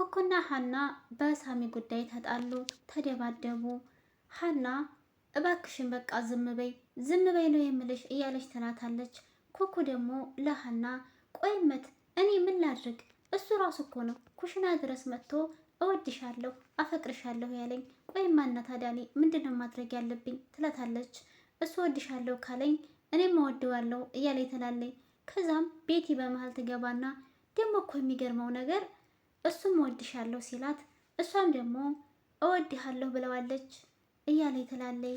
ኩኩና ሀና በሳሚ ጉዳይ ተጣሉ፣ ተደባደቡ። ሀና እባክሽን በቃ ዝም በይ ዝም በይ ነው የምልሽ እያለች ትላታለች። ኩኩ ደግሞ ለሀና ቆይመት እኔ ምን ላድርግ እሱ ራሱ እኮ ነው ኩሽና ድረስ መጥቶ እወድሻለሁ አፈቅርሻለሁ ያለኝ። ቆይማ እና ታዲያ እኔ ምንድነው ማድረግ ያለብኝ ትላታለች። እሱ እወድሻለሁ ካለኝ እኔም እወድዋለሁ እያለኝ ትላለኝ። ከዛም ቤቲ በመሀል ትገባና ደግሞ እኮ የሚገርመው ነገር እሱም እወድሻለሁ ሲላት እሷም ደግሞ እወድሃለሁ ብለዋለች እያለ የተላለይ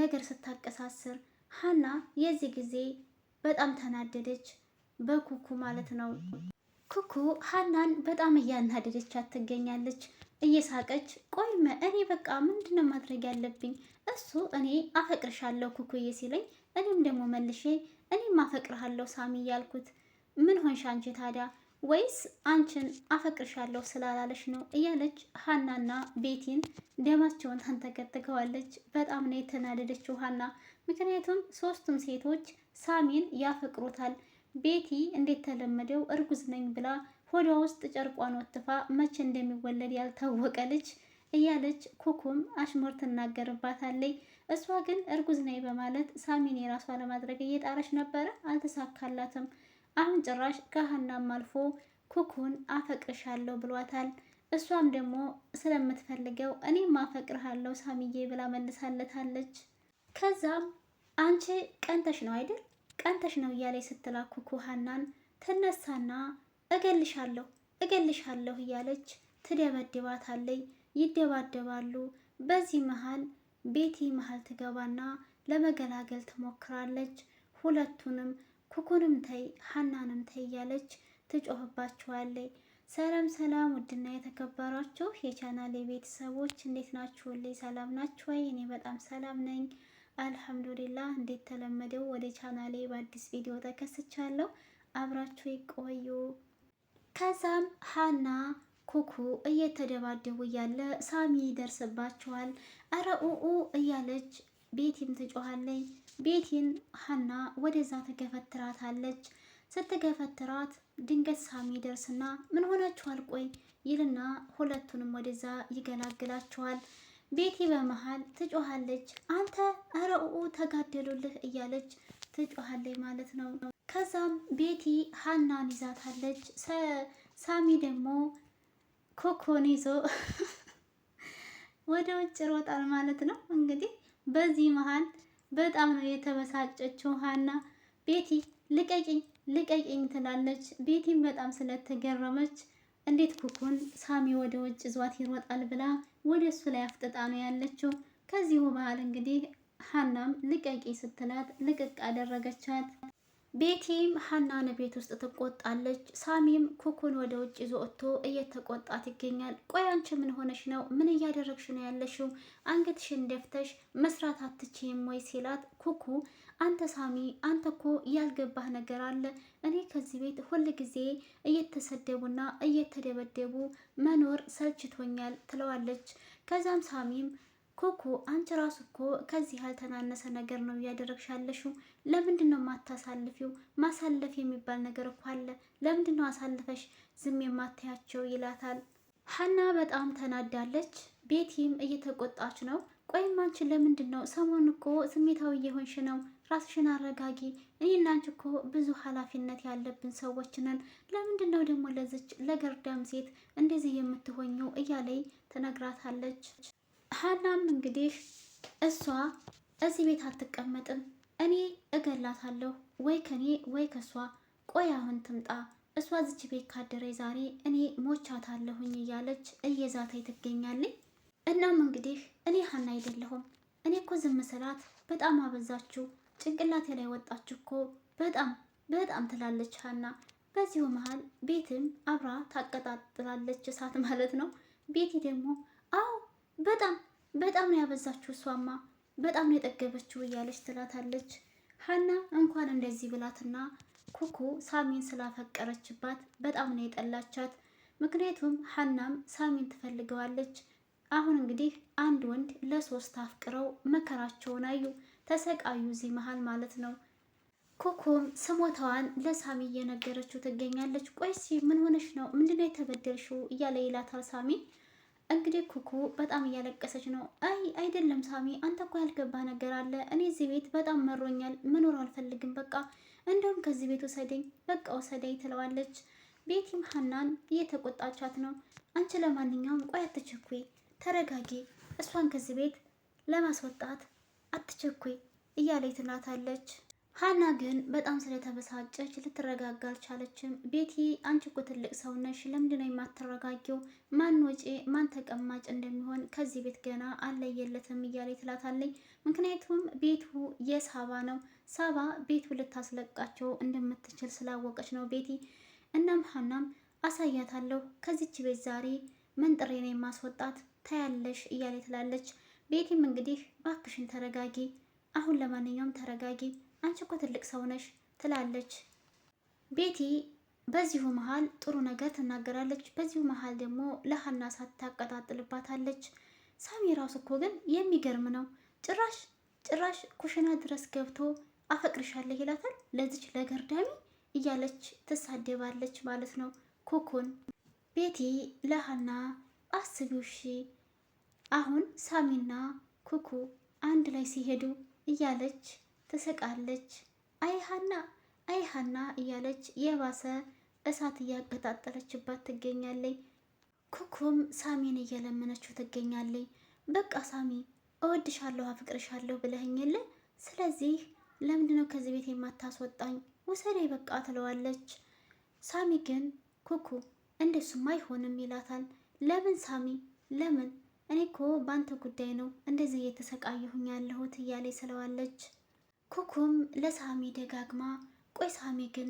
ነገር ስታቀሳስር ሀና የዚህ ጊዜ በጣም ተናደደች። በኩኩ ማለት ነው። ኩኩ ሀናን በጣም እያናደደቻት ትገኛለች። እየሳቀች ቆይመ እኔ በቃ ምንድነው ማድረግ ያለብኝ? እሱ እኔ አፈቅርሻለሁ ኩኩዬ ሲለኝ እኔም ደግሞ መልሼ እኔም አፈቅርሃለሁ ሳሚ እያልኩት ምን ሆንሽ አንቺ ታዲያ ወይስ አንቺን አፈቅርሻለሁ ስላላለሽ ነው እያለች ሀናና ቤቲን ደማቸውን ተንተከትከዋለች። በጣም ነው የተናደደችው ሀና። ምክንያቱም ሶስቱም ሴቶች ሳሚን ያፈቅሩታል። ቤቲ ተለመደው እርጉዝ ነኝ ብላ ሆዷ ውስጥ ጨርቋን ወትፋ መቼ እንደሚወለድ ያልታወቀ ልጅ እያለች ኩኩም አሽሙር ትናገርባታለች። እሷ ግን እርጉዝ ነኝ በማለት ሳሚን የራሷ ለማድረግ እየጣረች ነበረ፣ አልተሳካላትም። አሁን ጭራሽ ከሀናም አልፎ ኩኩን አፈቅርሻለሁ ብሏታል። እሷም ደግሞ ስለምትፈልገው እኔም አፈቅርሃለሁ ሳሚዬ ብላ መልሳለታለች። ከዛም አንቺ ቀንተሽ ነው አይደል ቀንተሽ ነው እያለች ስትላ ኩኩ ሀናን ትነሳና እገልሻለሁ እገልሻለሁ እያለች ትደበድባታለይ። ይደባደባሉ። በዚህ መሀል ቤቲ መሀል ትገባና ለመገላገል ትሞክራለች። ሁለቱንም ኩኩንም ተይ ሀናንም ተይ እያለች ትጮህባችኋለች። ሰላም ሰላም፣ ውድና የተከበራችሁ የቻናሌ ቤተሰቦች እንዴት ናችሁልኝ? ሰላም ናችሁ ወይ? እኔ በጣም ሰላም ነኝ አልሐምዱሊላ። እንዴት ተለመደው ወደ ቻናሌ በአዲስ ቪዲዮ ተከስቻለሁ። አብራችሁ ይቆዩ። ከዛም ሀና ኩኩ እየተደባደቡ እያለ ሳሚ ይደርስባቸዋል። አረ ኡኡ እያለች ቤቲም ትጮኋለች። ቤቲን ሀና ወደዛ ትገፈትራታለች። ስትገፈትራት ድንገት ሳሚ ደርስና ምን ሆናችኋል? ቆይ ይልና ሁለቱንም ወደዛ ይገላግላችኋል። ቤቲ በመሀል ትጮኋለች። አንተ ረኡኡ ተጋደሉልህ እያለች ትጮሃለይ ማለት ነው። ከዛም ቤቲ ሀናን ይዛታለች። ሳሚ ደግሞ ኮኮን ይዞ ወደ ውጭ ሮጣል ማለት ነው እንግዲህ በዚህ መሀል በጣም ነው የተበሳጨችው ሀና። ቤቲ ልቀቂኝ ልቀቂኝ ትላለች። ቤቲም በጣም ስለተገረመች እንዴት ኩኩን ሳሚ ወደ ውጭ ይዟት ይሮጣል ብላ ወደ እሱ ላይ አፍጥጣ ነው ያለችው። ከዚሁ መሀል እንግዲህ ሀናም ልቀቂ ስትላት ልቅቅ አደረገቻት። ቤቲም ሀናን ቤት ውስጥ ትቆጣለች። ሳሚም ኩኩን ወደ ውጭ ይዞ ወጥቶ እየተቆጣት ይገኛል። ቆይ አንቺ ምን ሆነሽ ነው? ምን እያደረግሽ ነው ያለሽው? አንገትሽን ደፍተሽ መስራት አትችይም ወይ ሲላት፣ ኩኩ አንተ ሳሚ፣ አንተ እኮ ያልገባህ ነገር አለ። እኔ ከዚህ ቤት ሁል ጊዜ እየተሰደቡና እየተደበደቡ መኖር ሰልችቶኛል ትለዋለች። ከዛም ሳሚም ኮኮ አንቺ ራሱ እኮ ከዚህ ያልተናነሰ ነገር ነው እያደረግሽ ያለሽው። ለምንድን ነው የማታሳልፊው? ማሳለፍ የሚባል ነገር እኮ አለ። ለምንድን ነው አሳልፈሽ ዝም የማታያቸው? ይላታል። ሀና በጣም ተናዳለች። ቤቲም እየተቆጣች ነው። ቆይም አንቺ ለምንድን ነው ሰሞን እኮ ስሜታዊ እየሆንሽ ነው? ራስሽን አረጋጊ። እኔ እና አንቺ እኮ ብዙ ኃላፊነት ያለብን ሰዎች ነን። ለምንድን ነው ደግሞ ለዚች ለገርዳም ሴት እንደዚህ የምትሆኙ? እያለይ ትነግራታለች። ሀናም እንግዲህ እሷ እዚህ ቤት አትቀመጥም፣ እኔ እገላታለሁ ወይ ከኔ ወይ ከእሷ። ቆይ አሁን ትምጣ እሷ ዝች ቤት ካደረ ዛሬ እኔ ሞቻታለሁኝ እያለች እየዛተኝ ትገኛለች። እናም እንግዲህ እኔ ሀና አይደለሁም እኔ እኮ ዝም ስላት በጣም አበዛችሁ፣ ጭንቅላቴ ላይ ወጣችሁ እኮ በጣም በጣም ትላለች ሀና። በዚሁ መሀል ቤትም አብራ ታቀጣጥላለች እሳት ማለት ነው። ቤቲ ደግሞ በጣም በጣም ነው ያበዛችው፣ እሷማ በጣም ነው የጠገበችው እያለች ትላታለች። ሀና እንኳን እንደዚህ ብላትና ኩኩ ሳሚን ስላፈቀረችባት በጣም ነው የጠላቻት። ምክንያቱም ሀናም ሳሚን ትፈልገዋለች። አሁን እንግዲህ አንድ ወንድ ለሶስት አፍቅረው መከራቸውን አዩ፣ ተሰቃዩ እዚህ መሀል ማለት ነው። ኩኩም ስሞታዋን ለሳሚ እየነገረችው ትገኛለች። ቆይሲ ምን ሆነሽ ነው? ምንድነው የተበደልሽው? እያለ ይላታል ሳሚ እንግዲህ ኩኩ በጣም እያለቀሰች ነው። አይ አይደለም ሳሚ፣ አንተ እኮ ያልገባ ነገር አለ። እኔ እዚህ ቤት በጣም መሮኛል፣ መኖር አልፈልግም። በቃ እንደውም ከዚህ ቤት ውሰደኝ፣ በቃ ውሰደኝ ትለዋለች። ቤቲም ሀናን እየተቆጣቻት ነው። አንቺ ለማንኛውም ቆይ አትቸኩይ፣ ተረጋጊ፣ እሷን ከዚህ ቤት ለማስወጣት አትቸኩይ እያለች ሀና ግን በጣም ስለተበሳጨች ልትረጋጋ አልቻለችም። ቤቲ አንቺ እኮ ትልቅ ሰው ነሽ፣ ለምንድን ነው የማትረጋጊው? ማን ወጪ ማን ተቀማጭ እንደሚሆን ከዚህ ቤት ገና አለየለትም እያለ ትላታለኝ። ምክንያቱም ቤቱ የሳባ ነው። ሳባ ቤቱ ልታስለቃቸው እንደምትችል ስላወቀች ነው ቤቲ። እናም ሀናም አሳያታለሁ፣ ከዚች ቤት ዛሬ መንጥሬ ነው የማስወጣት፣ ታያለሽ እያለ ትላለች። ቤቲም እንግዲህ እባክሽን ተረጋጊ፣ አሁን ለማንኛውም ተረጋጊ አንቺ እኮ ትልቅ ሰው ነሽ ትላለች ቤቲ። በዚሁ መሀል ጥሩ ነገር ትናገራለች። በዚሁ መሀል ደግሞ ለሀና እሳት ታቀጣጥልባታለች። ሳሚ ራሱ እኮ ግን የሚገርም ነው። ጭራሽ ጭራሽ ኩሽና ድረስ ገብቶ አፈቅርሻለሁ ይላታል። ለዚች ለገርዳሚ እያለች ትሳደባለች ማለት ነው። ኩኩን ቤቲ ለሀና አስቢውሺ አሁን ሳሚና ኩኩ አንድ ላይ ሲሄዱ እያለች ትስቃለች። አይ ሀና አይ ሀና እያለች የባሰ እሳት እያቀጣጠለችባት ትገኛለች። ኩኩም ሳሚን እየለመነችው ትገኛለች። በቃ ሳሚ እወድሻለሁ፣ አፍቅርሻለሁ ብለኸኝ የለ ስለዚህ ለምንድነው ከዚህ ቤት የማታስወጣኝ? ውሰዴ በቃ ትለዋለች። ሳሚ ግን ኩኩ እንደሱም አይሆንም ይላታል። ለምን ሳሚ ለምን? እኔ እኮ በአንተ ጉዳይ ነው እንደዚህ እየተሰቃየሁኝ ያለሁት እያለ ስለዋለች ኩኩም ለሳሚ ደጋግማ ቆይ ሳሚ ግን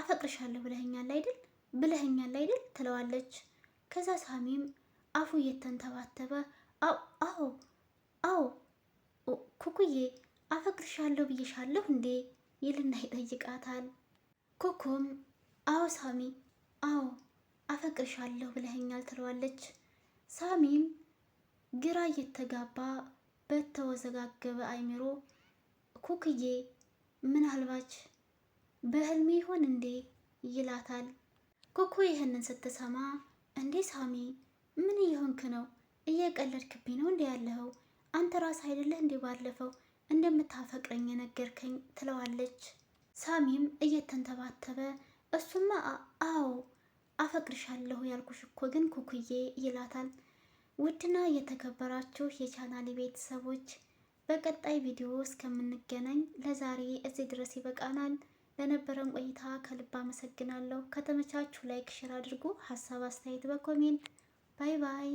አፈቅርሻለሁ ብለኸኛል አይደል ብለኸኛል አይደል ትለዋለች። ከዛ ሳሚም አፉ እየተንተባተበ አዎ አዎ ኩኩዬ አፈቅርሻለሁ ብዬሻለሁ እንዴ ይልና ይጠይቃታል። ኩኩም አዎ ሳሚ አዎ አፈቅርሻለሁ ብለኸኛል ትለዋለች። ሳሚም ግራ እየተጋባ በተወዘጋገበ አይምሮ ኩክዬ ምናልባች በህልሜ ይሆን እንዴ ይላታል። ኩኩ ይህንን ስትሰማ እንዴ ሳሚ ምን እየሆንክ ነው? እየቀለድክብኝ ነው እንዴ ያለኸው? አንተ ራስ አይደለህ እንዴ ባለፈው እንደምታፈቅረኝ የነገርከኝ ትለዋለች። ሳሚም እየተንተባተበ እሱማ አዎ አፈቅርሻለሁ ያልኩሽ እኮ ግን ኩኩዬ ይላታል። ውድና የተከበራችሁ የቻናሌ ቤተሰቦች በቀጣይ ቪዲዮ እስከምንገናኝ ለዛሬ እዚህ ድረስ ይበቃናል። ለነበረን ቆይታ ከልብ አመሰግናለሁ። ከተመቻችሁ ላይክ፣ ሼር አድርጉ። ሀሳብ አስተያየት በኮሜንት ባይ ባይ።